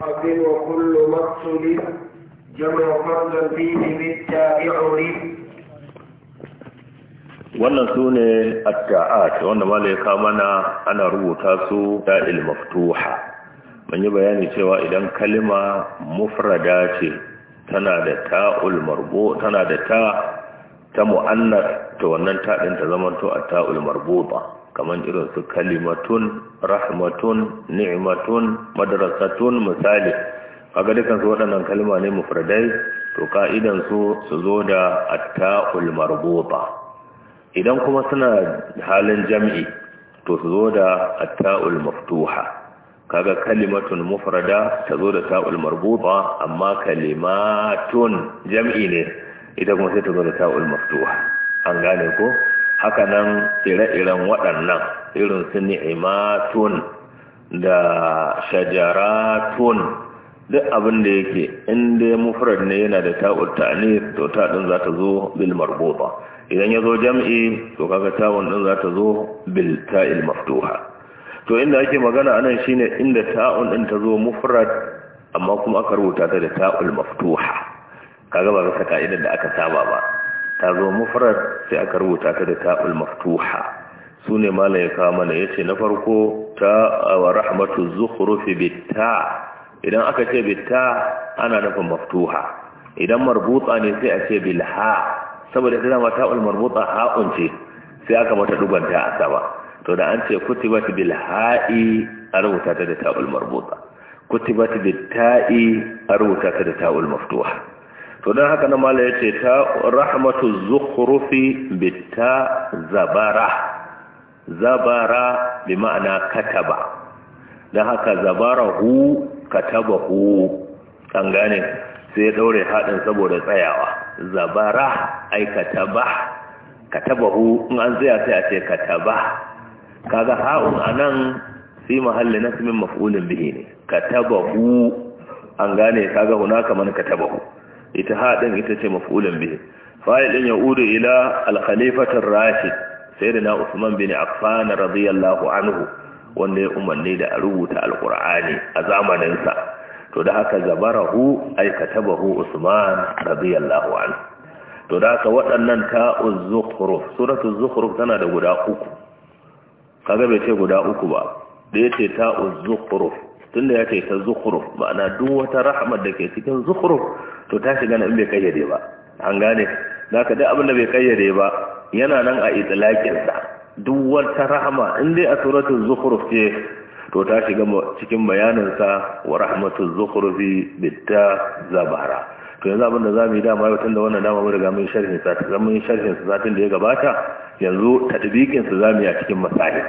وكل مقصد جمع فرد فيه بالتابع wannan su ne atta'at wanda ka mana ana rubuta su ta'il maftuha mun yi bayani cewa idan kalima mufrada ce tana da ta'ul marbu tana da ta ta mu'annas to wannan ta din ta zamanto a taul marbuta kamar irin su kalimatun rahmatun ni'matun madrasatun misali kaga dukan su waɗannan kalma ne mufradai to ka'idan su su zo da atta'ul marbuta idan kuma suna halin jam'i to su zo da atta'ul maftuha kaga kalimatun mufrada ta zo da ta'ul marbuta amma kalimatun jam'i ne ita kuma sai ta zo da ta'ul maftuha an gane ko haka nan ire-iren waɗannan irin su ni'imatun da shajaratun duk abin da yake inda mufrad ne yana da ta'ud ta'nir to ta din za zo bil marbuta idan ya jam'i to kaga ta'un din za zo bil ta'il maftuha to inda ake magana anan shine inda ta'un din ta zo mufrad amma kuma aka rubuta ta da ta'ul maftuha kaga ba ka ka'idar da aka saba ba ta zo mufrad sai aka rubuta ta da ta'ul maftuha su ne malam ya kawo mana ya ce na farko ta wa rahmatu zukhrufi bitta idan aka ce bitta ana nufin maftuha idan marbuta ne sai a ce bilha saboda ita dama ta'ul marbuta ha'un sai aka mata dubanta a sama to da an ce kutibat bil ha'i a rubuta ta da ta'ul marbuta kutibat bit ta'i a rubuta ta da ta'ul maftuha to don haka na mala ya ce ta rahmatu zukhrufi bitta zabara zabara bi ma'ana kataba don haka zabara hu kataba hu kan gane sai ya daure haɗin saboda tsayawa zabara ai kataba kataba hu in an tsaya sai a ce kataba kaga ha'un anan fi mahalli nasmin maf'ulin bihi ne kataba hu an gane kaga hunaka man kataba hu ita haɗin ita ce maf'ulun bihi fa'il din yaudu ila al sai rashid na Usman bin Affan radiyallahu anhu wanda ya umarni da a rubuta alkur'ani a zamanin sa to da haka zabarahu ay katabahu Usman radiyallahu anhu to da haka waɗannan ta'uz uzukhruf suratu zukhruf tana da guda uku kaga bai ce guda uku ba da yace ta'uz uzukhruf tunda ya ce ta zukhruf ma'ana duk wata rahmar da ke cikin zukhruf to ta shiga nan bai kayyade ba an gane zaka dai abin da bai kayyade ba yana nan a itlaqin sa duk wata rahma in dai a suratul zukhruf ce to ta shiga cikin bayanin sa wa rahmatul bi bitta zabara to yanzu abin da zamu yi dama yau tunda wannan dama mun riga mun sharhi sa yi sharhi sa satin da ya gabata yanzu tadbikin sa zamu yi a cikin masalih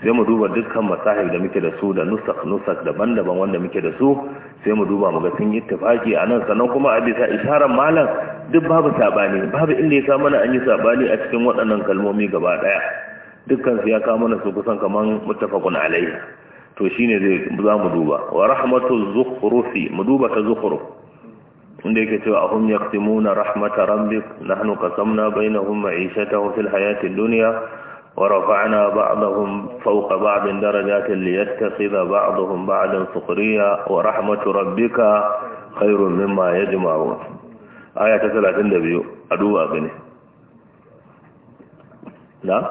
sai mu duba dukkan masahib da muke da su da nusak nusak daban-daban wanda muke da su sai mu duba mu ga sun yi tafaki a nan sannan kuma a bisa isharar malam duk babu sabani babu inda ya sa mana an yi sabani a cikin waɗannan kalmomi gaba ɗaya dukkan su ya kama mana su kusan kamar mutafakun alayhi to shine zai za mu duba wa rahmatu zukhrufi mu duba ta zukhruf inda yake cewa ahum yaqtimuna rahmata rabbik nahnu qasamna bainahum ta fil hayati dunya ورفعنا بعضهم فوق بعض درجات ليتخذ بعضهم بعضا سخريا ورحمة ربك خير مما يجمعون آية 32 أدوها بني لا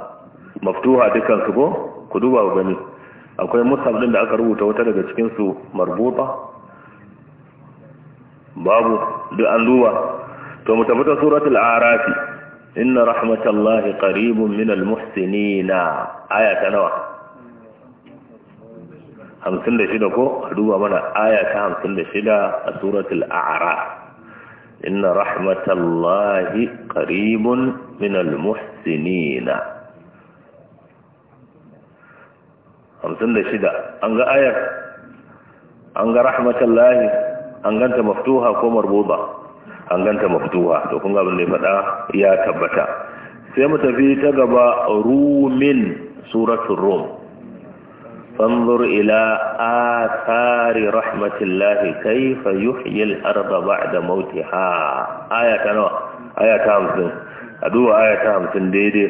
مفتوحة دكان كبو كدوها بني akwai musab din da aka rubuta wata daga cikin su marbuta babu duk an duba to mu tafi ta suratul arafi إن رحمة الله قريب من المحسنين آية نوع همسن لشدة كو أدوها منا آية همسن لشدة سورة الأعراف إن رحمة الله قريب من المحسنين همسن لشدة أنغا آية أنغا رحمة الله أنغا أنت مفتوحة كو مربوطة an ganta maftuha to kun ga abin da ya faɗa ya tabbata sai mu tafi ta gaba rumin suratul rum fanzur ila athari rahmatillahi kayfa yuhyi al-ardha ba'da mautiha aya ta nawa aya ta 50 a duba aya ta 50 daidai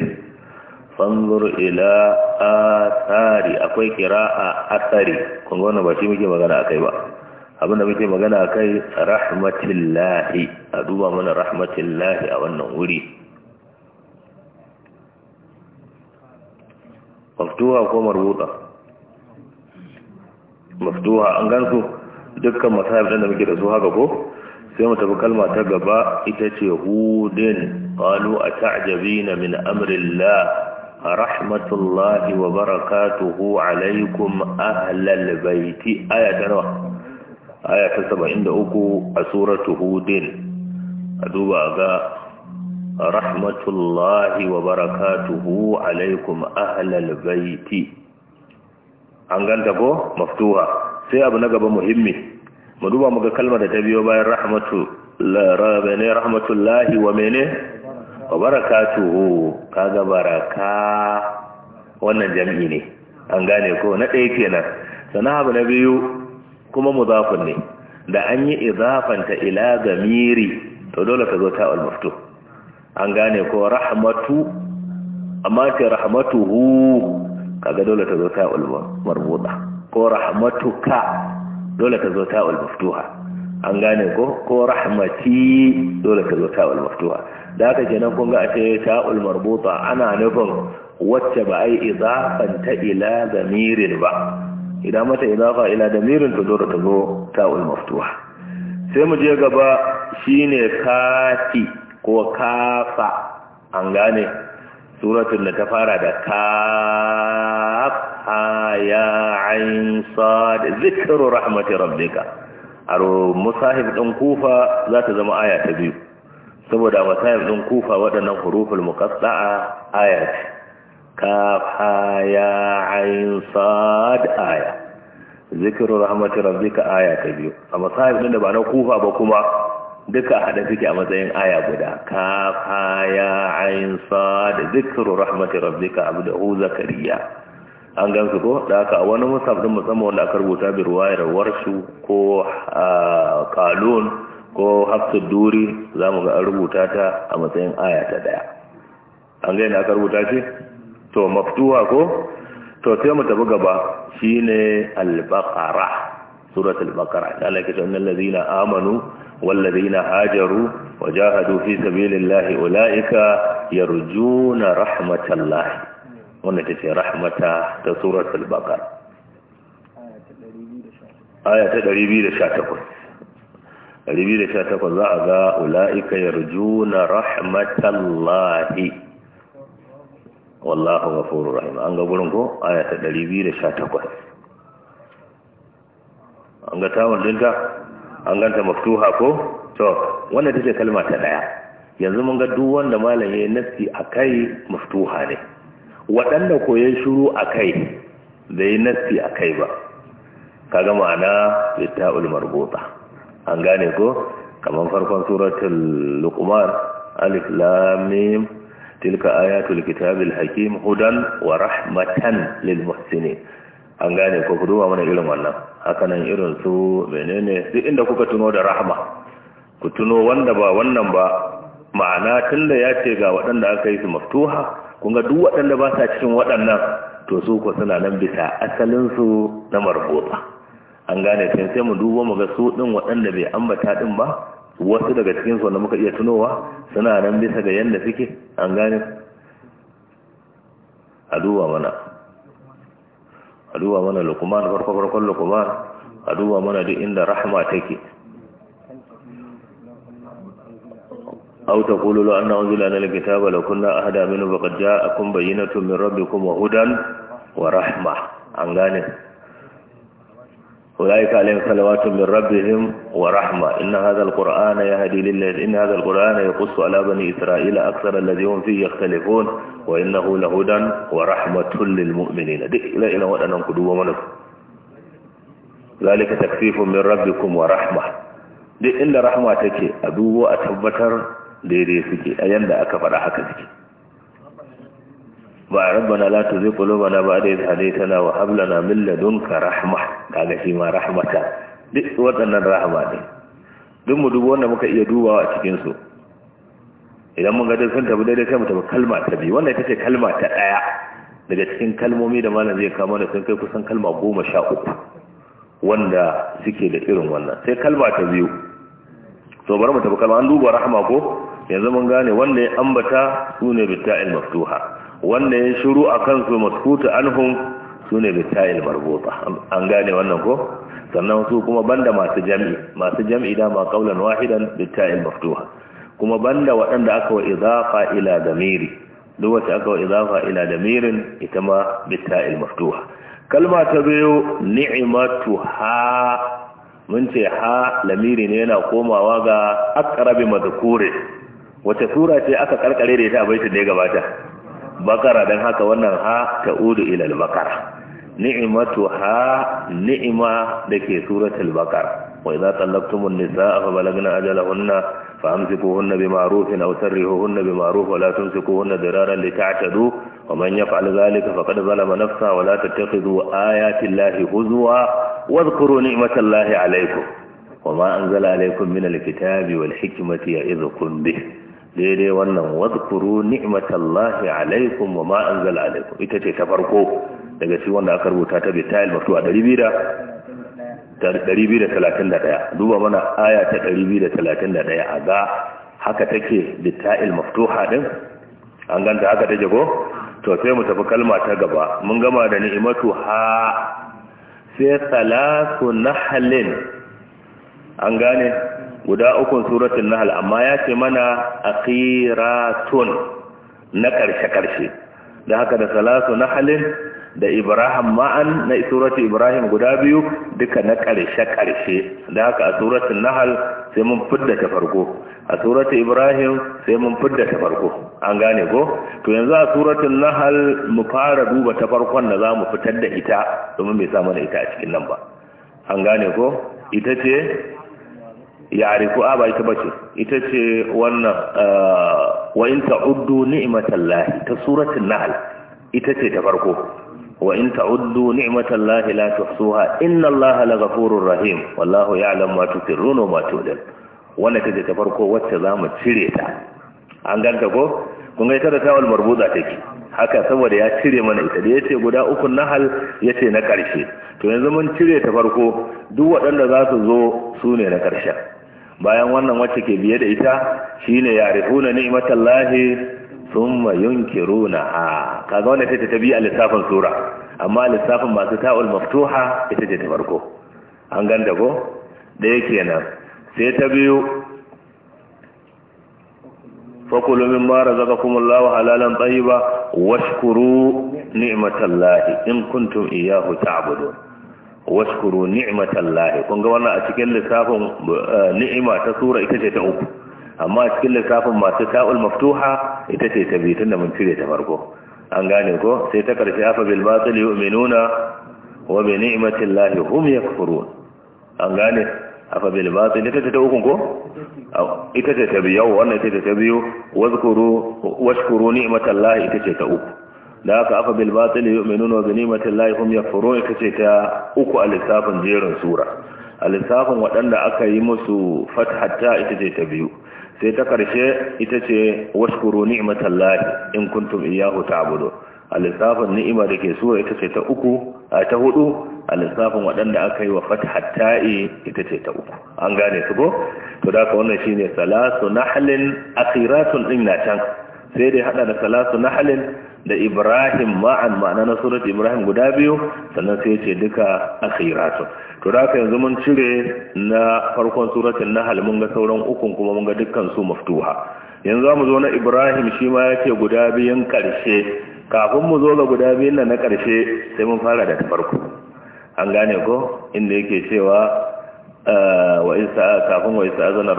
fanzur ila athari akwai qira'a athari kun ga wannan ba shi muke magana akai ba abinda muke magana kai lahi a duba mana lahi a wannan wuri maftuha ko marbuta maftuha an gansu dukkan masahib da muke da su haka ko sai mu tafi kalma ta gaba ita ce hudin a qalu na min a rahmatullahi wa barakatuhu alaikum ahlal baiti aya ta nawa aya ta saba'in da uku a suratu hudin a duba ga rahmatullahi wa barakatuhu alaikum ahlal baiti an ganta ko maftuha sai abu na gaba muhimmi mu duba mu ga kalmar da ta biyo bayan rahmatu ne rahmatullahi wa mene wa barakatuhu kaga baraka wannan jam'i ne an gane ko na ɗaya kenan sana abu na biyu kuma mudafun ne da an yi izafanta ila ga gamiri to dole ka zo ta almaftu an gane ko rahmatu amma ce rahmatuhu kaga dole ta zo ta marbuda ko rahmatuka dole ta zo ta maftuha an gane ko ko rahmati dole ta zo ta maftuha da haka kenan nan kunga a ce ta marbuta ana nufin wacce ba a yi izafanta ila ga gamirin ba idan mata idafa ila damirin ta dora ta ta'ul maftuha sai mu je gaba shine kafi ko kafa an gane suratun da ta fara da kaf ha ya ain sad zikru rahmati rabbika aro musahib din kufa za ta zama aya ta biyu saboda musahib din kufa waɗannan huruful muqatta'a aya kafa ya ayin sad aya zikirin rahmatin rabbika aya ta biyu amma masahib din da ba na kufa ba kuma duka hada suke a matsayin aya guda kafa ya ayin sad zikirin rahmatin rabbika abdahu zakariya an gansu ko da haka wani musaf din musamman wanda aka rubuta bi ruwayar warshu ko kalun ko hafsu duri za mu ga rubuta ta a matsayin aya ta daya an ga aka rubuta ce to maftuha ko to sai mu tafi gaba shine al-baqara suratul baqara Allah ya ce innal ladina amanu wal ladina hajaru wajahadu fi sabilillahi ulaika yarjuna rahmatallahi wannan tace rahmata ta suratul baqara aya ta 218 218 za a ga ulaika yarjuna rahmatallahi wallahu ghafurur rahim an ga gurin ko aya ta 218 an ga wannan dinta an ganta maftuha ko to wannan take kalma ta daya yanzu mun ga duk wanda malami ya nafsi akai maftuha ne waɗanda koyan shuru akai bai nafsi akai ba kaga ma'ana litta'ul marbuta an gane ko kamar farkon suratul luqman alif lam mim tilka ayatul kitabil hakim hudan wa rahmatan lil muhsinin an gane ko ku duba mana irin wannan haka nan irin su menene duk inda kuka tuno da rahma ku tuno wanda ba wannan ba ma'ana tunda ya ce ga waɗanda aka yi su maftuha kun ga duk waɗanda ba sa cikin waɗannan to su ko suna nan bisa asalin su na marbota an gane sai sai mu duba mu ga su din waɗanda bai ambata din ba wasu daga cikin su wanda muka iya tunowa suna nan bisa ga yadda suke an gane a duba mana a duba mana lokuman farko-farkon lokuman a duba mana duk inda rahama take auta kululu an na'un zula na likita ba lokun na a hada minu baka ja a kumbayi na tumin rabbi kuma hudan wa rahma an gane أولئك عليهم صلوات من ربهم ورحمة إن هذا القرآن يهدي لله إن هذا القرآن يقص على بني إسرائيل أكثر الذي هم فيه يختلفون وإنه لهدى ورحمة للمؤمنين دي لا إلى وأنا قدوة منك ذلك تكفيف من ربكم ورحمة دي إلا رحمة تكي أدوة أتبتر دي دي فيكي أيام دا أكبر حكا فيكي ba rabbana la tuzigh qulubana ba'da idh hadaytana wa hab lana min ladunka rahma kaga shi ma rahmata duk waɗannan rahma ne duk mu dubo wanda muka iya dubawa a cikin su idan mun ga dai sun tabi daidai sai mu tabi kalma ta biyu wannan ita ce kalma ta ɗaya daga cikin kalmomi da malam zai kama da sun kai kusan kalma goma sha uku wanda suke da irin wannan sai kalma ta biyu to bari mu tabi kalma an duba rahma ko yanzu mun gane wanda ya ambata sune bitta'il maftuha wanda ya shuru a kansu maskuta anhum su ne bitayil marbota an gane wannan ko sannan su kuma banda masu jam'i masu jam'i ma kaulan wahidan bitayil maftuha kuma banda waɗanda aka wa idafa ila damiri duk wacce aka wa idafa ila damirin ita ma bitayil maftuha kalma ta biyu ha mun ce ha lamiri ne yana komawa ga akrabi madhkuri wace sura ce aka karkare da ita a baitin da ya gabata bakara don haka wannan ha ta udu ilal bakara ni'imatu ha ni'ima da ke suratul bakara wa idza tallaqtumun nisaa fa balagna ajalahunna fa amsikuhunna bima'rufin aw sarrihuhunna bima'ruf wa la tumsikuhunna diraran lita'tadu wa man yaf'al dhalika faqad zalama nafsahu wa la tattakhidhu ayati llahi huzwa wa dhkuru ni'matallahi alaykum wa ma anzala alaykum min alkitabi wal hikmati ya'idhukum bihi daidai wannan wadkuru ni'matallahi alaikum wa ma anzal alaikum ita ce ta farko daga shi wanda aka rubuta ta bitayil da 231 duba mana aya ta 231 a ga haka take bitayil maftuha din an ganta haka take ko to sai mu tafi kalma ta gaba mun gama da ni'matu ha sai salatu nahlin an gane guda ukun suratul nahl amma ya ce mana akhiratun na karshe karshe da haka da salatu nahlin da ibrahim ma'an na suratul ibrahim guda biyu duka na karshe karshe da haka a suratul nahl sai mun fidda ta farko a suratul ibrahim sai mun fidda ta farko an gane ko to yanzu a suratul nahl mu fara duba ta farkon da zamu fitar da ita domin bai sa mana ita a cikin nan ba an gane ko ita ce ya'rifu a ba ita bace ita ce wannan eh, wa in ta'uddu ni'matallahi ta suratul nahl ita ce ta farko wa in ta'uddu ni'matallahi la tuhsuha laghafurur rahim wallahu ya'lamu ma tusirruna wa ma tu'lin wannan ce ta farko wacce zamu cire ta an ganta ko kun ga da tawal marbuza take haka saboda ya cire mana ita da yace guda uku nahal yace na karshe to yanzu mun cire ta farko duk waɗanda za su zo su ne na karshen bayan wannan wacce ke biye da ita shine yarifuna ni'matallahi thumma yunkiruna kaga wannan ita ta biya lissafin sura amma lissafin masu ta'ul maftuha ita ce ta farko an ganda da daya kenan sai ta biyu fakulu mimma razaqakumullahu halalan tayyiba washkuru ni'matallahi in kuntum iyyahu ta'budun washkuru ni'matallahi kun ga wannan a cikin lissafin eh, ni'ima ta sura ita ce ta uku amma a cikin lissafin masu ta'ul maftuha ita ce ta biyu tunda mun cire ta farko an gane ko sai ta karshe afa bil batil yu'minuna wa bi ni'matillahi hum yakfurun an gane afa bil batil ita ce ta uku ko ita ce ta biyu wannan ita ce ta biyu wazkuru washkuru ni'matallahi ita ce ta uku da haka afa bil batil yu'minuna wa ganimatil lahi hum yafurun ita ce ta uku a lissafin jerin sura a lissafin waɗanda aka yi musu fathatta ita ce ta biyu sai ta karshe ita ce washkuru ni'matal lahi in kuntum ta abudu a lissafin ni'ima da ke sura ita ce ta uku a ta hudu a lissafin waɗanda aka yi wa fathatta'i ita ce ta uku an gane su ko to da ka wannan shine salasu nahlin akhiratun din na can sai dai hada da salatu halin da ibrahim ma'an ma'ana na surat ibrahim guda biyu sannan sai ce duka akhiratu to da yanzu mun cire na farkon suratul nahl mun ga sauran ukun kuma mun ga dukkan su maftuha yanzu mu zo na ibrahim shi ma yake guda biyun karshe kafin mu zo ga guda biyun nan na karshe sai mun fara da farko an gane ko inda yake cewa ah, wa kafin wa isa azana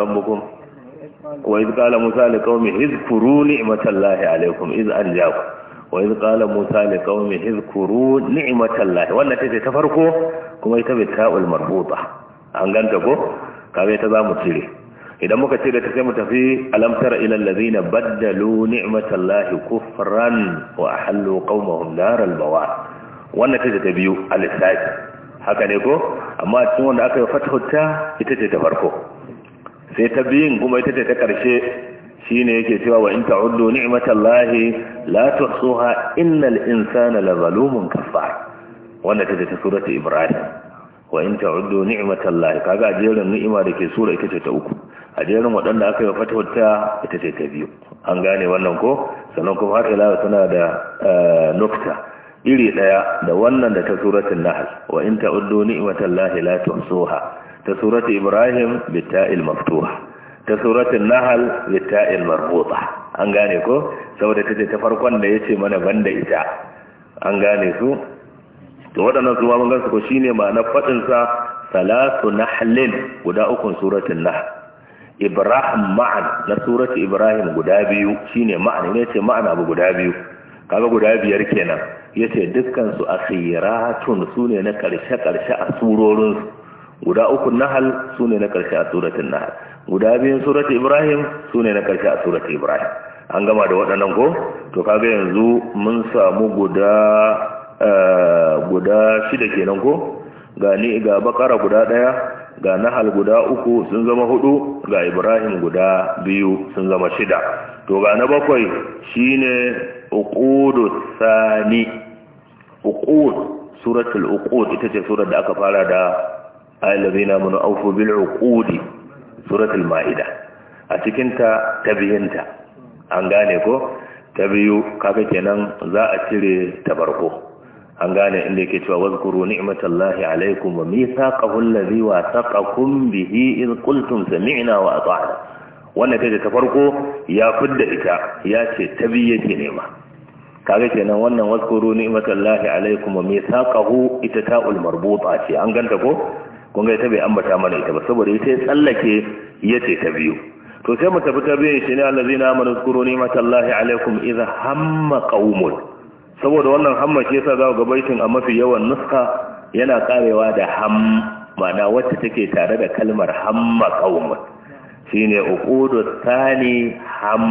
wa iz qala musa li qaumi izkuru ni'matallahi alaikum iz anjakum wa iz qala musa li qaumi izkuru ni'matallahi wannan tace ta farko kuma ita bi ta'ul marbuta an ganta ko kabe ta zamu cire idan muka ce da ta sai mu tafi alam tara ila allazina baddalu ni'matallahi kufran wa ahallu qaumahum naral bawa wannan ta biyu al haka ne ko amma wanda aka yi fatahutta ita ce ta farko sai ta biyun kuma ita ce ta ƙarshe shine yake cewa wa in ta'uddu ni'matallahi la tuhsuha innal insana la zalumun kafar wanda ce ta surata ibrahim wa in ta'uddu ni'matallahi kaga jerin ni'ima da ke sura ita ce ta uku a jerin waɗanda aka yi fatawar ta ita ce ta biyu an gane wannan ko sannan kuma har ila tana da eh, nukta iri daya da wannan da ta suratul nahl wa in ta'uddu ni'matallahi la tuhsuha ta suratu ibrahim bitta'il maftuha ta suratul nahal bitta'il marbuta an gane ko saboda tace ta farkon da yace mana banda ita an gane su to wadannan su mun gansu ko shine ma'anar fadin sa salatu nahlin guda ukun suratul nahl ibrahim ma'an na suratu ibrahim guda biyu shine ma'ana ne yace ma'ana abu guda biyu kaga guda biyar kenan yace dukkan su akhiratun sune na karshe karshe a surorin su guda uku nahal su ne na ƙarshe a suratun nahal guda biyun suratun ibrahim su ne na ƙarshe a suratun ibrahim an gama da waɗannan ko to kaga yanzu mun samu guda eh, guda shida kenan ko ga ni ga bakara guda ɗaya ga nahal guda uku sun zama hudu ga ibrahim guda biyu sun zama shida to ga na bakwai shine uqudu sani uqud suratul uqud ita ce surar da aka fara da na mun aufu bil uqudi suratul maida a cikin ta tabiyinta an gane ko ta biyu kaga kenan za a cire tabarko an gane inda yake cewa wazkuru ni'matallahi alaikum wa mithaqahu allazi wasaqakum bihi id qultum sami'na wa ata'na wannan kaje ta farko ya fidda ita ya ce tabi yake nema kaga kenan wannan wazkuru ni'matallahi alaikum wa mithaqahu ita ta'ul marbuta ce an ganta ko kun ga ita bai ambata mana ita ba saboda ita ya tsallake ya ce ta biyu to sai mu tafi ta biyu shi ne na allazina amanu zkuru ni'matallahi alaikum iza hamma qaumun saboda wannan hamma shi yasa za ga baitin a mafi yawan nuska yana karewa da ham mana wacce take tare da kalmar hamma qaumun shine uqudu thani ham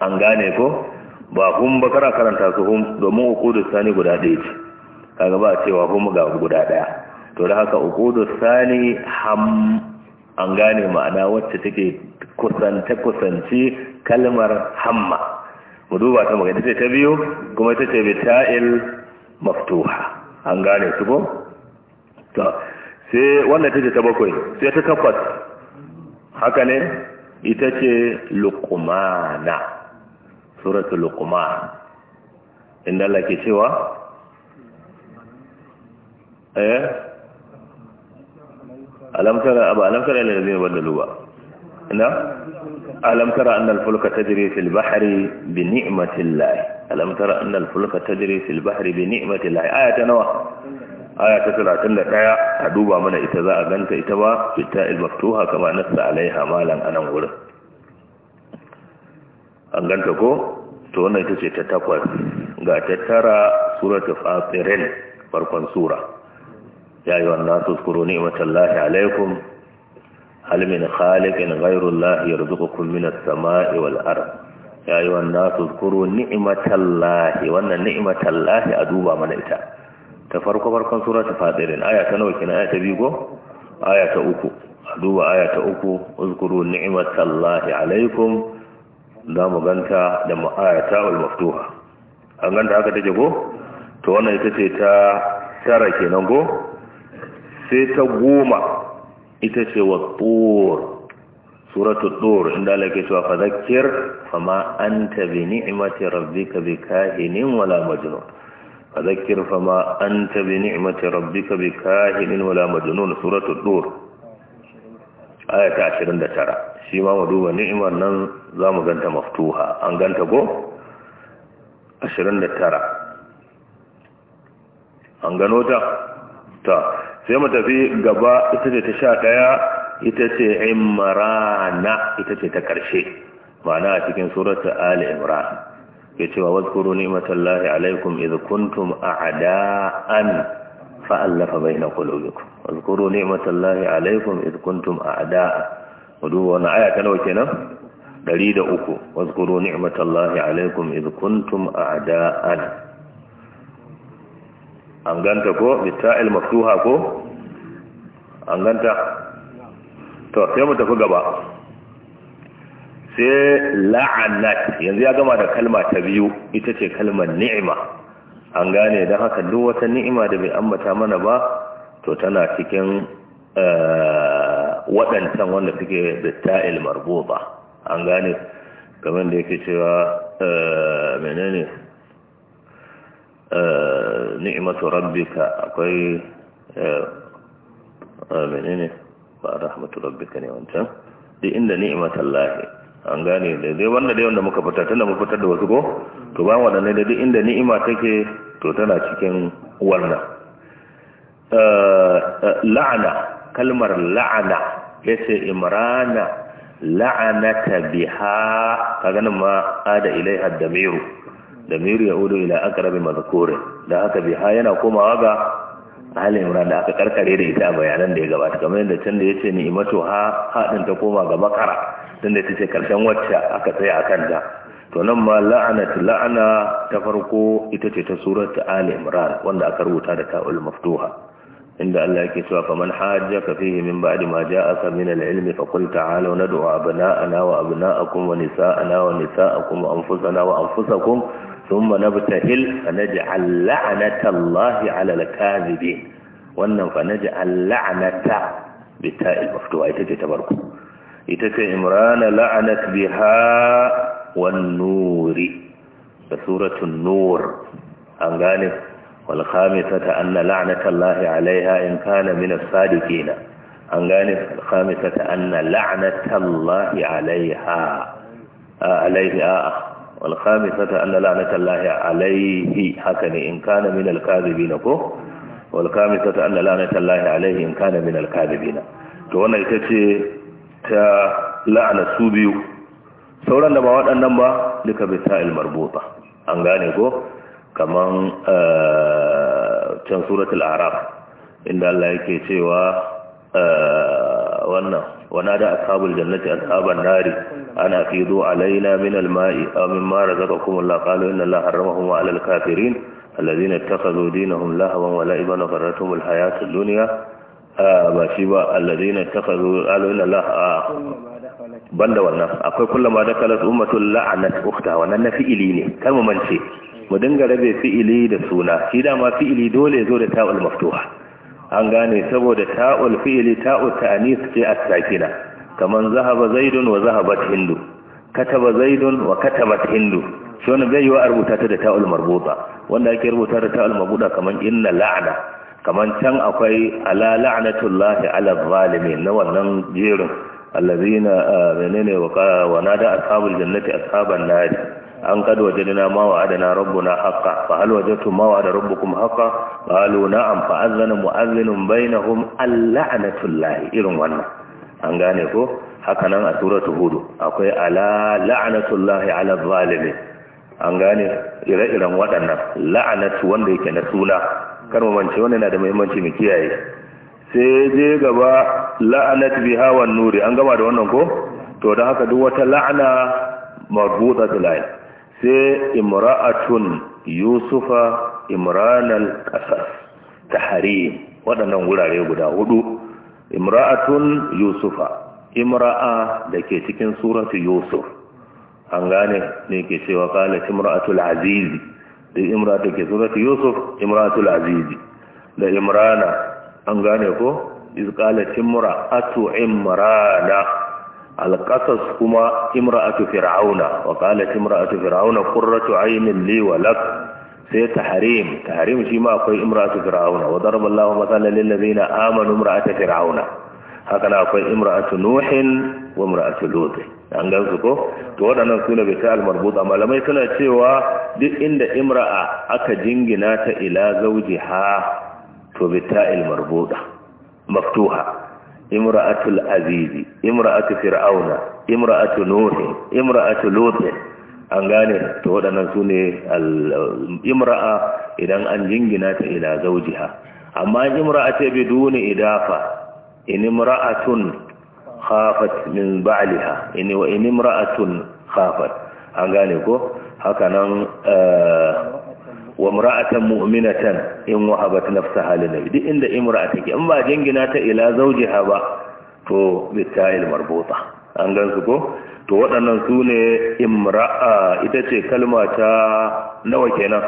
an gane ko ba hum ba kara karanta su hum domin uqudu thani guda ɗaya ce kaga ba cewa hum ga guda ɗaya to da haka uqudu sani ham an gane ma'ana wacce take kusanta kusanci kalmar hamma mu duba ta magana ce ta biyu kuma ita ce bita'il maftuha an gane su ko to sai wannan ce ta bakwai sai ta takwas haka ne ita ce luqmana suratul luqman inda Allah ke cewa eh alam tara aba alam tara ila ladina badalu ba ina alam tara fulka tajri fil bahri bi ni'matillah alam tara anna fulka tajri fil bahri bi ni'matillah ayata nawa aya ta talatin da ɗaya a duba mana ita za a ganta ita ba fita ilmaktuha kama nasta alaiha malan anan wurin an ganta ko to wannan ita ce ta takwas ga ta tara suratul fasirin farkon sura يا أيها الناس اذكروا نعمة الله عليكم هل من خالق غير الله يرزقكم من السماء والأرض يا أيها الناس اذكروا نعمة الله وأن نعمة الله أدوبا من إتا تفرق فرقا سورة فاطر آية نوكين آية بيقو آية أكو أدوبا آية أكو اذكروا نعمة الله عليكم دام mu ganta آية المفتوحة al-maftuha تو wannan ita ce ta tara kenan go sai ta goma ita ce wa tsor suratu tsor inda Allah ke cewa fa zakir fa ma anta bi ni'mati rabbika bi kahinin wala majnun fa zakir fa ma anta bi ni'mati rabbika bi kahinin wala majnun suratu tsor aya 29 shi ma mu duba ni'imar nan zamu ganta maftuha an ganta go 29 an gano ta ta sai mu tafi gaba ita ce ta sha ɗaya ita ce imrana ita ce ta ƙarshe ma'ana a cikin surata ali imran ke cewa wazkuru ni'matallahi alaikum idh kuntum a'da'an fa'allafa baina qulubikum wazkuru ni'matallahi alaikum idh kuntum a'da'a Wudu wani aya ta nawa kenan 103 wazkuru ni'matallahi alaikum idh kuntum a'da'an an ganta ko litta'il maftuha ko an ganta to sai mu tafi gaba sai la'anat yanzu ya gama da kalma ta biyu ita ce kalmar ni'ima an gane don haka duk wata ni'ima da bai ambata mana ba to tana cikin eh, waɗancan wanda suke da ta'il marbuba an gane kamar da yake cewa eh, menene ni'imatu rabbika akwai eh, eh, menene ba rahmatu rabbika ne wancan Da inda ni'imatan Allah an gane da dai wanda dai wanda muka fita tana muka fitar da wasu ko to ba wadanne da duk inda ni'ima take to tana cikin wannan eh, la'ana kalmar la'ana yace imrana la'anata biha kaga nan ma ada ilaiha damiru damiri ya udo ila aqrabi mazkurin da haka ha yana komawa ga Ali Imran da aka karkare da ita bayanan da ya gabata kamar yadda can da yace ni'matu ha haɗin ta koma ga da ta ce karshen wacce aka tsaya akan ta to nan ma la'ana ta la'ana ta farko ita ce ta ta Ali Imran wanda aka rubuta da ta'ul maftuha inda Allah yake cewa faman hajjaka fihi min ba'di ma ja'aka min al-ilmi fa qul ta'alu nad'u abna'ana wa abna'akum wa nisa'ana wa nisa'akum wa anfusana wa anfusakum ثم نبتهل فنجعل لعنة الله على wannan fa naj'al la'nata bita'il maftuha ita ce tabarku ita ce imrana la'anat biha wan nuri da suratul nur an gane wal khamisata anna la'nata allahi 'alayha in kana min as-sadiqin an gane al khamisata anna la'nata allahi 'alayha wal khamisata anna la'natallahi alayhi haka ne in kana min al na ko wal khamisata anna la'natallahi alayhi in kana min al na. to wannan ita ce ta la'ana su biyu sauran da ba waɗannan ba duka bi ilmar marbuta an gane ko Kamar eh, can suratul araf inda Allah yake cewa eh, wannan ونادى أصحاب الجنة أصحاب النار أن أفيضوا علينا من الماء أو مما رزقكم الله قالوا إن الله حرمهم على الكافرين الذين اتخذوا دينهم لهوا ولعبا وغرتهم الحياة الدنيا باشيبا الذين اتخذوا قالوا إن الله banda wannan akwai kullama dakalat ummatul la'anat ukhta wannan na fi'ili ne kar mu mance mu dinga rabe fi'ili da suna shi dama fi'ili dole ya zo da ta'ul maftuha an gane saboda ta'ul fi'ili ta'ut ta'anis ce a sakina kamar zahaba zaidun wa zahabat hindu kataba zaidun wa katabat hindu shi wani bai yiwa rubuta ta da ta'ul marbuta wanda ake rubuta da ta'ul marbuta kamar inna la'ana kamar can akwai ala la'natullahi ala zalimin na wannan jerin allazina ah, menene wa nada ashabul jannati ashaban nari an kad wajadna ma wa'adana rabbuna haqqa fa hal wajadtu ma wa'ada rabbukum haqqa qalu na'am fa azana mu'azzinun bainahum al-la'natullahi irin wannan an gane ko haka nan a suratul hud akwai ala la'natullahi ala zalimi an gane ire-iren waɗannan la'anatu wanda yake na suna kar mu wance wannan da muhimmanci mu kiyaye sai je gaba la'anat biha wan nuri an gama da wannan ko to da haka duk wata la'ana marbuta da lai sai imra'atun yusufa imranal qasas tahrim waɗannan gurare guda hudu imra'atun yusufa imra'a da ke cikin suratul yusuf an gane ne ke cewa kala imra'atul azizi da imra'atu ke suratul yusuf imra'atul azizi da imrana an gane ko iz qalat imra'atu imrana alƙasas kuma imra'atu fir'auna wa qalat imra'atu fir'auna qurratu aynin li wa lak sai tahrim tahrim shi ma akwai imra'atu fir'auna wa daraba Allahu mathalan lil ladina amanu imra'atu fir'auna haka na akwai imra'atu nuhin wa imra'atu lut an ga su ko to waɗannan su ne bisa al malamai suna cewa duk inda imra'a aka jingina ta ila zawjiha to bita al-marbuta maftuha imra'atul azizi imra'atu fir'auna imra'atu nuhi imra'atu lut an gane ta waɗannan su ne imra'a idan an jingina ta ila zaujiha amma imra'a ce bi biduni idafa in imra'atun khafat min ba'liha in wa in imra'atun khafat an gane ko haka nan eh, wa mura'atan mu'minatan in wahabat nafsaha lil duk inda imra'a take in ba jingina ta ila zawjiha ba to bitayil marbuta an ga su ko to waɗannan su ne imra'a ita ce kalma ta nawa kenan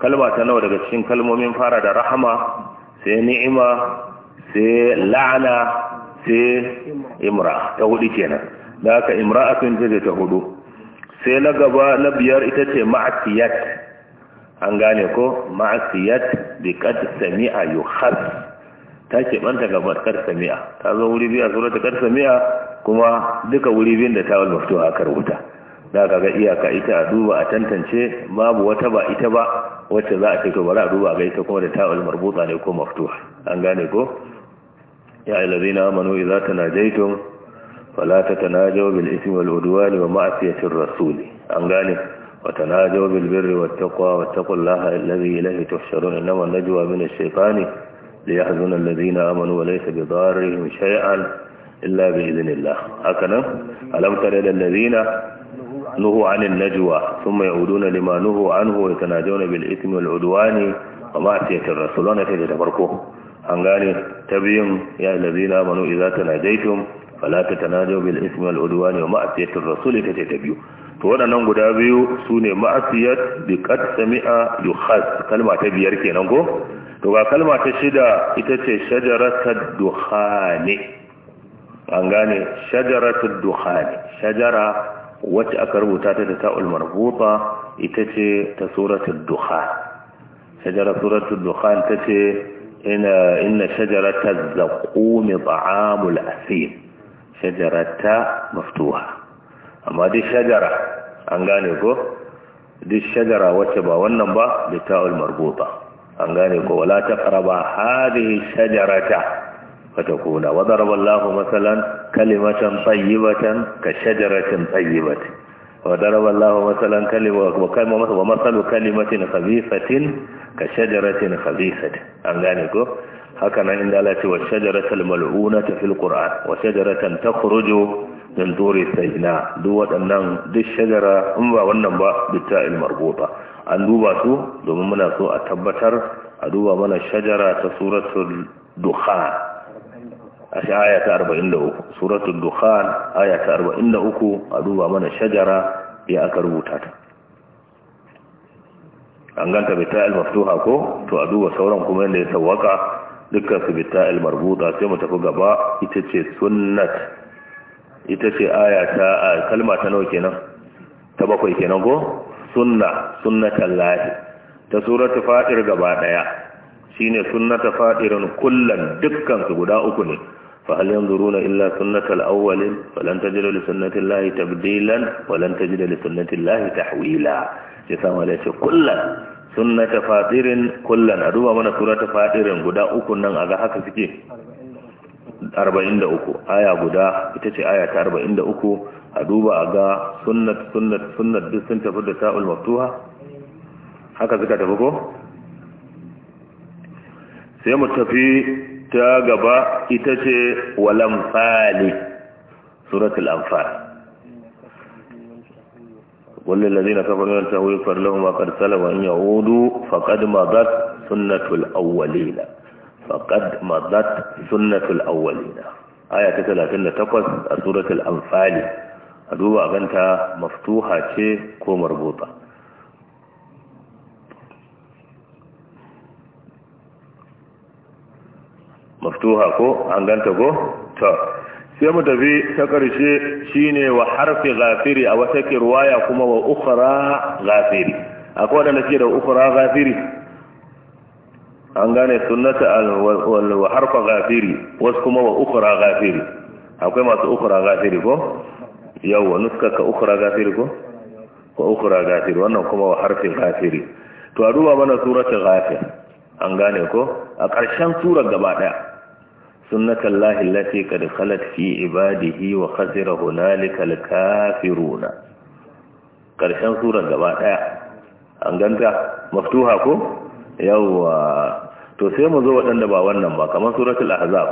kalma ta nawa daga cikin kalmomin fara da rahama sai ni'ima sai la'ana sai imra'a ta hudu kenan da haka imra'atun jaje ta hudu sai na gaba na biyar ita ce ma'asiyat an gane ko ma'asiyat bi qad sami'a yuhas ta ke banta ga barkar sami'a ta zo wuri biya suratul ta sami'a kuma duka wuri biyan da tawal maftuha aka rubuta da ga iyaka ita a duba a tantance babu wata ba ita ba wacce za a ce to bari a duba ga ita kuma da wal marbuta ne ko maftuha an gane ko ya ayyuhallazina amanu idza tanajaytum fala tatanajaw bil ismi wal udwan wa ma'asiyatir rasuli an gane وتناجوا بالبر والتقوى واتقوا الله الذي إليه تحشرون إنما النجوى من الشيطان ليحزن الذين آمنوا وليس بضارهم شيئا إلا بإذن الله هكذا ألم تر إلى الذين نهوا عن النجوى ثم يعودون لما نهوا عنه ويتناجون بالإثم والعدوان ومعصية الرسول أنا كده تفرقوه أنغاني تبين يا الذين آمنوا إذا تناجيتم فلا تتناجوا بالإثم والعدوان ومعصية الرسول كده تبيو to waɗannan guda biyu su ne ma'asiyat bi sami'a yukhas kalma ta biyar kenan ko to ga kalma ta shida ita ce shajaratud dukhani an gane shajaratud dukhani shajara wacce aka rubuta ta ta'ul marbuta ita ce ta suratul dukhan shajara suratul dukhan ta ce ina inna shajarata zaqumi ta'amul asim shajarata maftuha amma duk shajara an gane ko duk shajara wacce ba wannan ba da ta'ul marbuta an gane ko wala ta taqraba hadhihi shajarata fatakuna wa daraba Allahu masalan kalimatan tayyibatan ka shajaratin tayyibatin wa daraba Allahu masalan kalima wa kalmatan wa masalu kalimatin khabisatin ka shajaratin khabisatin an gane ko haka nan inda Allah ce wa shajaratal mal'unata fil qur'an wa shajaratan takhruju min turi sayna duk waɗannan duk shajara in ba wannan ba bitta il marbuta an duba su domin muna so a tabbatar a duba mana shajara ta suratul dukhan a shi aya ta 43 suratul dukhan aya ta 43 a duba mana shajara ya aka rubuta ta an ganta bai ta maftuha ko to a duba sauran kuma yadda ya sawwaka dukkan su bita marbuta sai mu tafi gaba ita ce sunnat ita ce aya ta kalma ta nawa kenan ta bakwai kenan ko sunna sunnatan lahi ta suratu fadir gaba daya shine sunnata fadirin kullan dukkan su guda uku ne fa hal yanzuruna illa sunnatal awwalin falan tajida li sunnati lahi tabdilan walan tajida li sunnati lahi tahwila sai sama da ce kullan sunnata fadirin kullan a duba mana ta fadirin guda uku nan a ga haka suke 43 aya guda ita ce aya ta 43 a duba a ga sunnat sunnat sunnat duk sun tafi da ta'ul maftuha haka suka tafi ko sai mu tafi ta gaba ita ce walam fali suratul anfal kullum lalina kafa nuna ta huyi farlahu ma karsala wa in yahudu faƙad mazat sunnatul awwalina ta talatin da takwas a suratul amfani a duba ganta maftuha ce ko marbuta maftuha ko ganta ko sai mu tafi ta ƙarshe shine wa harfi gafiri a wata kirwaya kuma wa ukhra ghafiri akwai wadanda ke da ukhra gafiri? an gane sunnata wa harfa gafiri wasu kuma wa ukhra gafiri, akwai masu ukhra gafiri ko yawwa nuska ka ukhra gafiri ko wa ukhra gafiri wannan kuma wa harfi gafiri. to a duba mana surata ghafir an gane ko a ƙarshen surar gaba ɗaya. سنة الله التي قد خلت في عباده وخسر هنالك الكافرون قرشان سورة جباء أنجنت مفتوحة كو يوى تسيم ذو أنبا ونبا كما سورة الأحزاب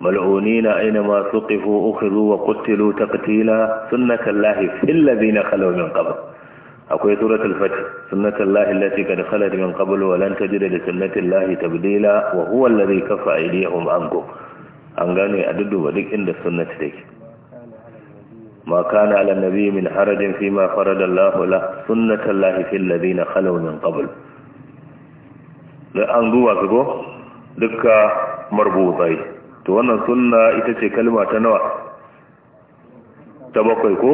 ملعونين أينما ثقفوا أخذوا وقتلوا تقتيلا سنة الله في الذين خلوا من قبل akwai suratul fath sunnatul lahi allati qad khalat min qabl wa lan tajida li sunnatil lahi tabdila wa huwa alladhi kafa aydihim ankum an gane a dudduba duk inda sunnati take ma kana ala nabi min harajin fi ma farada Allah la sunnatul lahi fil ladina khalu min qabl da an duba su go dukka marbutai to wannan sunna ita ce kalma ta nawa ta bakwai ko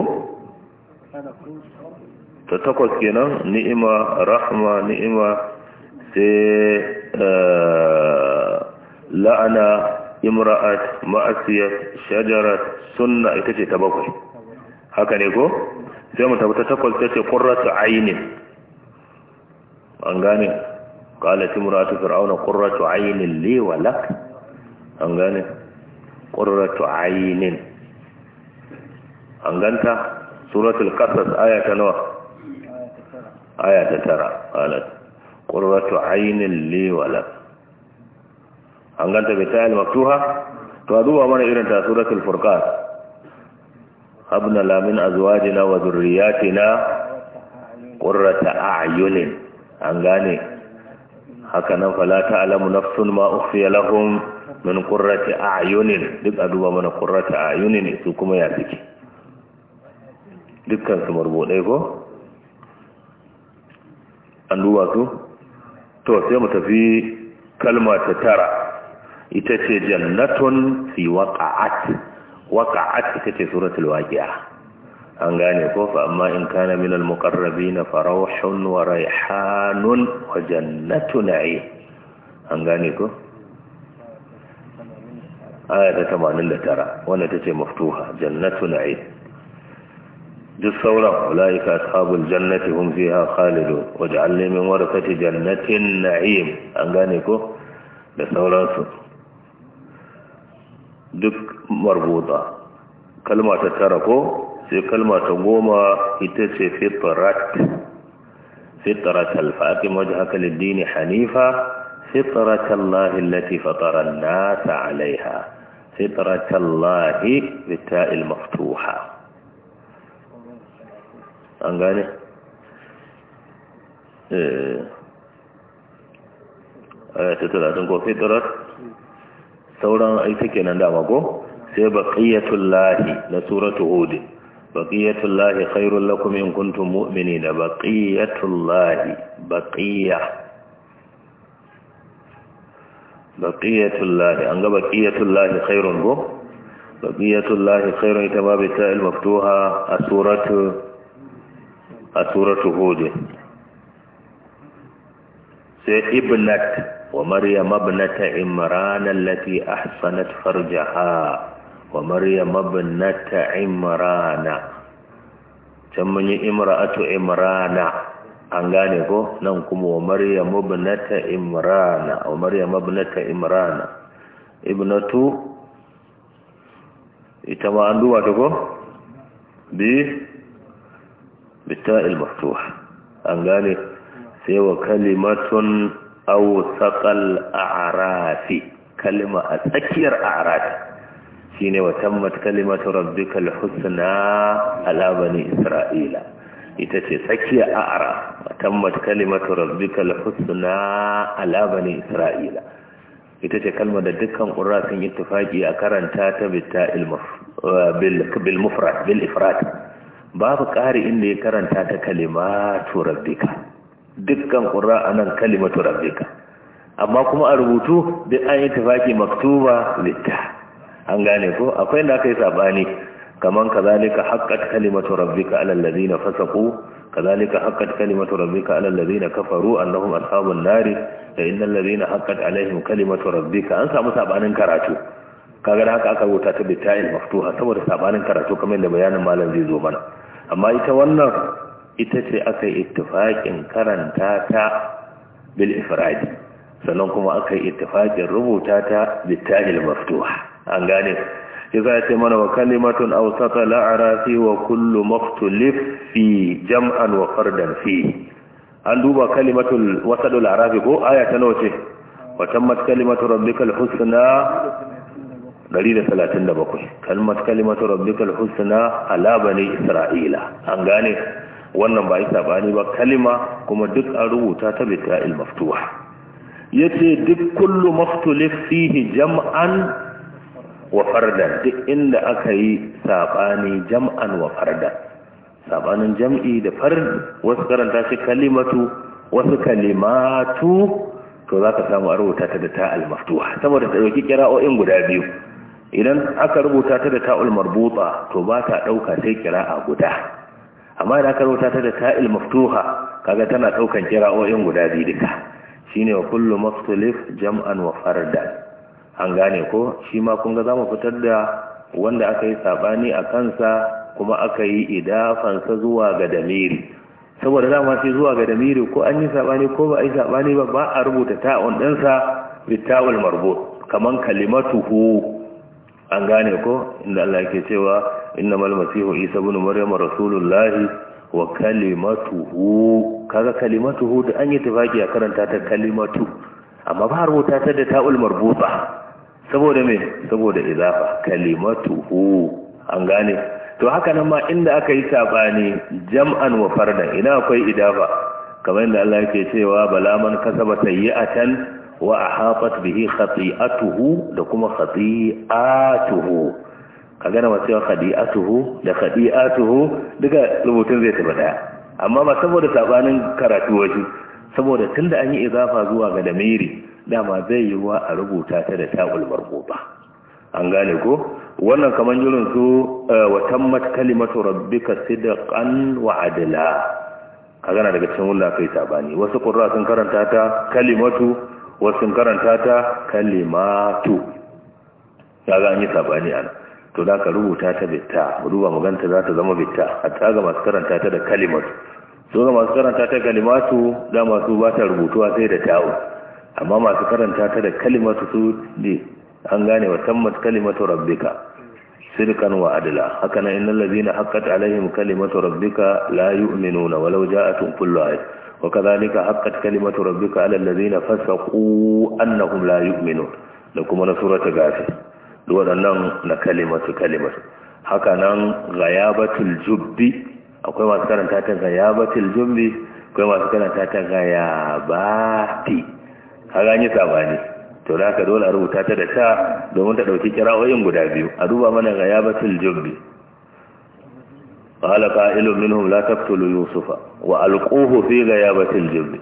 تتقوت كينا نئمة رحمة نئمة سي لعنة امرأة مأسية شجرة سنة اتجي تبقوي هكا نيكو سيما تتقوت تتقوت قرة عين انغاني قالت امرأة فرعون قرة عين لي ولك انغاني قرة عين انغانتا سورة القصص آية نوح aya ta tara قرة عين لي li أنت an ganta bi ta'al maktuha to a duba mana irin ta suratul قرة أعين la min azwajina wa dhurriyyatina qurrata a'yunin an gane haka nafsun ma ukhfiya lahum min qurrati a'yunin duk a duba mana a'yunin su kuma ya dukkan su marbo ko an duba su to sai mu tafi kalma ta tara ita ce jannatun fi waqa'at waqa'at ita ce suratul waqi'a an gane ko fa amma in kana min al muqarrabin fa rawhun wa rayhanun wa jannatun na'im an gane ko aya ta 89 wannan tace maftuha jannatun na'im جزء سورة أولئك أصحاب الجنة هم فيها خالدون واجعل لي من ورثة جنة النعيم أنقانيكو بسورة دك مربوطة كلمة تتركو سي كلمة تقوم إتسي فطرة فطرة الفاتم وجهك للدين حنيفة فطرة الله التي فطر الناس عليها فطرة الله بالتاء المفتوحة an eh aya ta talatin ko fitrar sauran aita kenan dama ko sai baqiyatul lahi na suratu hud baqiyatul lahi khairul lakum in kuntum mu'minin baqiyatul lahi baqiya baqiyatul lahi an ga baqiyatul lahi khairun go baqiyatul lahi khairun ita babu ta al maftuha asuratu a suratu hudin sai ibnat wa maryam ibnata imran allati ahsanat farjaha wa maryam ibnata imran can mun yi imra'atu imran an gane ko nan kuma wa maryam ibnata imran wa maryam ibnata imran ibnatu ita ma an duba ta ko bi بالتاء المفتوح أنقالي سوى كلمة أو ثقل كلمة أتكير أعراف shine wa tammat kalimatu rabbikal husna ala bani isra'ila ita ce tsakiya a'ra wa tammat kalimatu rabbikal husna ala bani isra'ila ita ce kalmar da dukkan qurra sun ittifaqi a karanta ta bitta bil mufrad bil ifrad babu ƙari inda ya karanta ta kalimatu rabbika dukkan ƙura a nan kalimatu rabbika amma kuma a rubutu duk an yi tafaki maktuba litta an gane ko akwai da aka yi saɓani kaman kazalika haqqat kalimatu rabbika alal ladina fasaqu كذلك حقت كلمة ربك على الذين كفروا أنهم أصحاب النار فإن الذين حقت عليهم كلمة an samu مسابعن karatu kaga da haka aka rubuta ta bitayil maftuha saboda sabanin karatu kamar da bayanin malam zai zo mana amma ita wannan ita ce aka yi ittifaƙin karanta ta bil ifradi sannan kuma aka yi ittifaƙin rubuta ta bittahil maftuha an gane kiza ya ce mana wa kalimatun aw la'arafi wa kullu maftulif fi jam'an wa fardan fi an duba kalimatul wasadul arafi ko aya ta nawa ce wa tammat kalimatu rabbikal husna 137 kalmat kalimatu rabbikal husna ala bani isra'ila an gane wannan ba yi sabani ba kalima kuma duk an rubuta ta bita'il maftuha yace duk kullu maftulif fihi jam'an wa fardan duk inda aka yi sabani jam'an wa fardan sabanin jam'i da fard wasu karanta shi kalimatu wasu kalimatu to zaka samu a rubuta ta da ta'al maftuha saboda ta dauki kira'o'in guda biyu idan aka rubuta ta da ta'ul marbuta to ba ta ɗauka sai kira'a guda amma idan aka rubuta ta da ta'il maftuha kaga tana ɗaukan kira'o'in guda biyu duka shine wa kullu maftulif jam'an wa fardan an gane ko shi ma kun ga zamu fitar da wanda aka yi sabani a kansa kuma aka yi idafansa zuwa ga damiri saboda mu sai zuwa ga damiri ko an yi sabani ko ba a yi sabani ba ba a rubuta ta'un ɗinsa bitawul marbut kaman kalimatuhu an gane ko inda Allah yake cewa innamal masihu isa ibn maryam rasulullahi wa kalimatuhu kaga kalimatuhu da an yi tafaki a karanta ta kalimatu amma ba rubuta ta da ta'ul marbuta saboda me saboda izafa kalimatuhu an gane to haka nan ma inda aka yi sabani jam'an wa fardan ina akwai idafa kamar inda Allah yake cewa bala man kasaba sayyi'atan wa ahatat bihi khati'atuhu da kuma khati'atuhu kaga na masu yawa da khati'atuhu duka rubutun zai taba daya amma ba saboda sabanin karatu waje saboda tunda an yi izafa zuwa ga damiri dama zai yi wa a rubuta ta da ta'ul ba an gane ko wannan kaman jirin su eh, wa tammat kalimatu rabbika sidqan wa adla kaga na daga cikin wallahi kai sabani wasu qurra sun karanta ta kalimatu wasu karanta ta kalimatu ya ga an yi sabani ana to da ka rubuta ta bitta ruba maganta za ta zama bitta A ga masu karanta ta da kalimatu so ga masu karanta ta kalimatu da masu ba ta rubutuwa sai da ta'u amma masu karanta ta da kalimatu su ne an gane wa tammat kalimatu rabbika sirkan wa adila haka nan innal ladina haqqat alaihim kalimatu rabbika la yu'minuna walau ja'atun kullu ayatin وكذلك حقت كلمة ربك على الذين فسقوا أنهم لا يؤمنون لكم أنا سورة قاسي لأنهم نكلمة كلمة حقا حكنا غيابة الجب أقول ما سكرا تاتا غيابة الجب أقول ما سكرا تاتا غيابات هذا أني سامعني to da aka dole a rubuta ta da ta domin ta ɗauki kira'o'in قال قائل منهم لا تقتلوا يوسف والقوه في غيابه الجب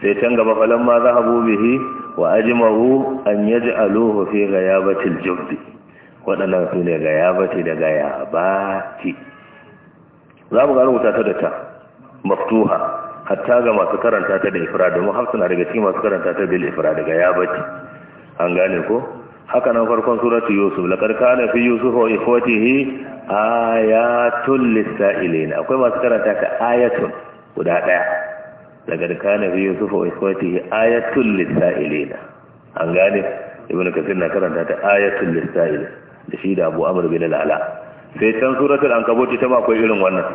سيتنقب فلما ذهبوا به وأجمعوا أن يجعلوه في غيابة الجب waɗannan su ne gayabati da gayabati za mu gano wuta ta da ta maftuha hatta ga masu karanta ta da mu domin hafsuna daga cikin masu karanta ta da an gane ko haka nan farkon suratu yusuf laqad kana fi yusuf wa ikhwatihi ayatul lisailin akwai masu karanta ka ayatun guda daya laqad kana fi yusuf wa ikhwatihi ayatul lisailin an gane ibn kasir na karanta ta ayatul lisail da shi da abu amr bin lala sai can suratul ankabut ta ba akwai irin wannan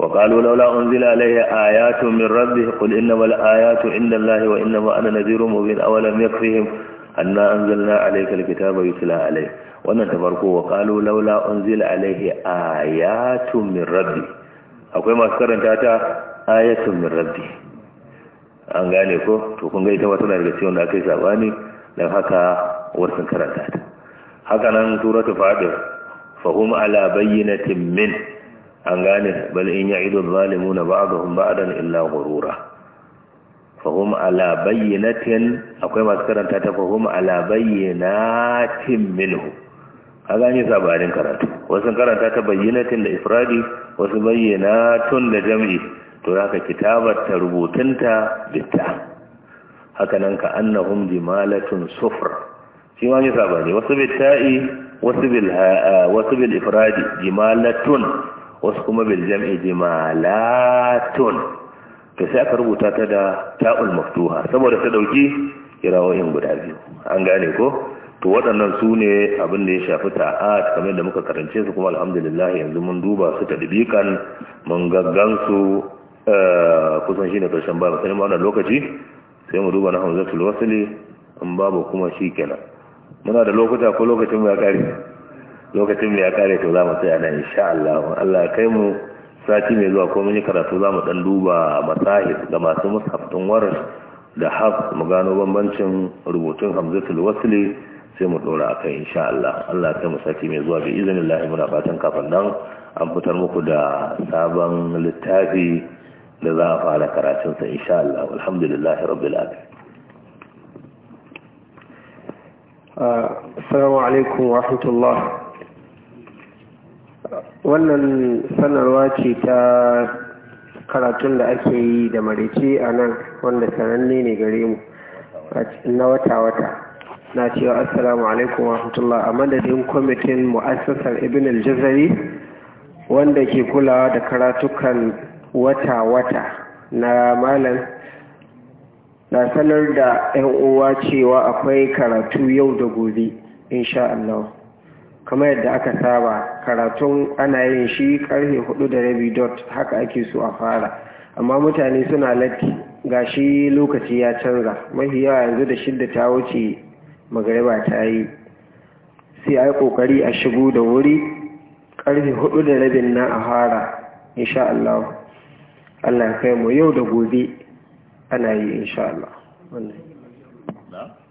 wa qalu laula unzila alayhi ayatun min rabbih qul innamal ayatu indallahi wa innama ana nadhirun mubin awalam yakfihim anna anzalna alayka alkitaba yutla alayhi wannan ta farko wa qalu laula unzila alayhi ayatun min rabbi akwai masu karanta ta ayatun min rabbi an gane ko to kun ga ita wata na daga cikin da akai sabani dan haka wasu karanta ta haka nan suratul fadir fahum ala bayyinatin min an gane bal in ya'idu adh-dhalimuna ba'dahum ba'dan illa ghurura fahim ala bayyinatin akwai masu karanta ta fahim ala bayyinatin minhu a gani sabarin karatu wasu karanta ta bayyinatin da ifradi wasu bayyinatun da jam'i to haka kitabar ta rubutunta litta haka nan ka annahum jimalatun sufra shi ma ne sabani wasu bitta'i wasu bil wasu bil ifradi jimalatun wasu kuma bil jam'i jimalatun to sai aka rubuta ta da ta'ul maftuha saboda ta dauki kirawoyin guda biyu an gane ko to waɗannan su ne abin da ya shafi ta'at kamar da muka karance su kuma alhamdulillah yanzu mun duba su ta dibikan mun gaggan su eh, kusan shine karshen ba sai mu wannan lokaci sai mu duba na hamzatul wasli in babu kuma shikenan muna da lokuta ko lokacin mu ya kare lokacin mu ya kare to za mu tsaya nan insha Allah Allah ya kai mu sati mai zuwa ko mun yi karatu za mu dan duba masahif ga masu mushaf din da haf mu gano bambancin rubutun hamzatul wasli sai mu dora aka insha Allah Allah sai mu mai zuwa bi iznillah muna fatan kafin nan an fitar muku da sabon littafi da za a fara karatunsa sa insha Allah alhamdulillahi rabbil alamin assalamu alaikum wa rahmatullah wannan sanarwa ce ta karatun da ake yi da marice a nan wanda sananne ne gare mu na wata-wata na cewa assalamu alaikum wa rahmatullah a madadin kwamitin mu'assasar ibn al-jazari wanda ke kulawa da karatukan wata-wata na malam na sanar da 'yan uwa cewa akwai karatu yau da gobe insha Allah. kamar yadda aka saba karatun ana yin shi karfe hudu da rabi dot haka ake so a fara amma mutane suna latti ga shi lokaci ya canza mafi yawa yanzu da shidda ta wuce magariba ta yi sai a yi kokari a shigo da wuri karfe hudu da rabin nan a fara insha Allah Allah ya kai mu yau da gobe ana yi insha Allah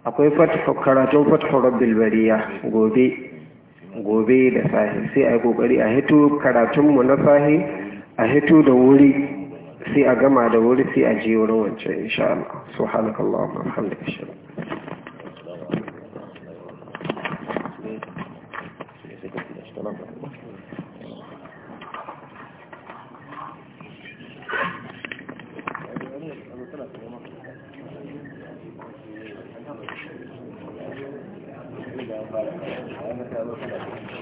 akwai karatun fatfa rabbil bariya gobe gobe da sahi sai a yi kokari a hito karatunmu na sahi a hito da wuri sai a gama da wuri sai a je wurin wancan insha Allah subhanakallahumma wa bihamdika Obrigado.